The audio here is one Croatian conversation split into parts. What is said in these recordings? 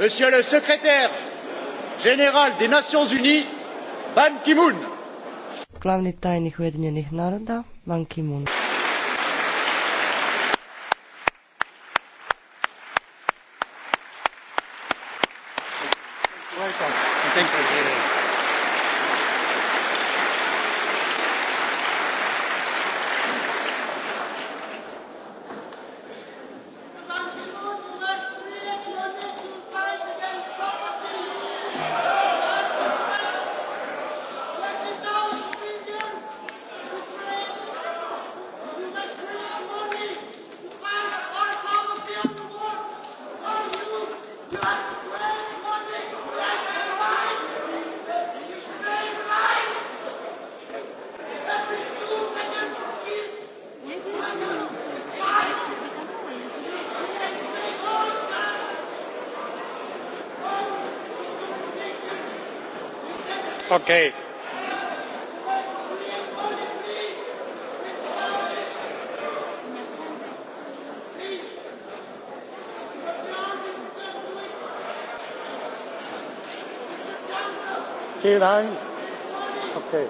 Monsieur le secrétaire général des Nations Unies, Ban Ki-moon. Glavni tajnik Ujedinjenih naroda, Ban Ki-moon. Thank you. Okay. Vielen Okay.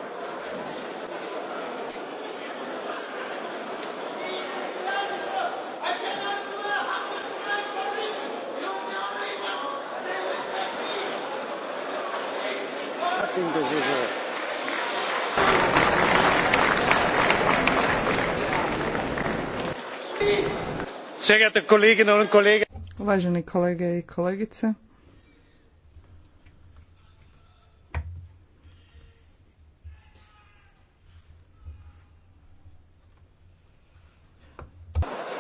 Uvaženi kolege i kolegice.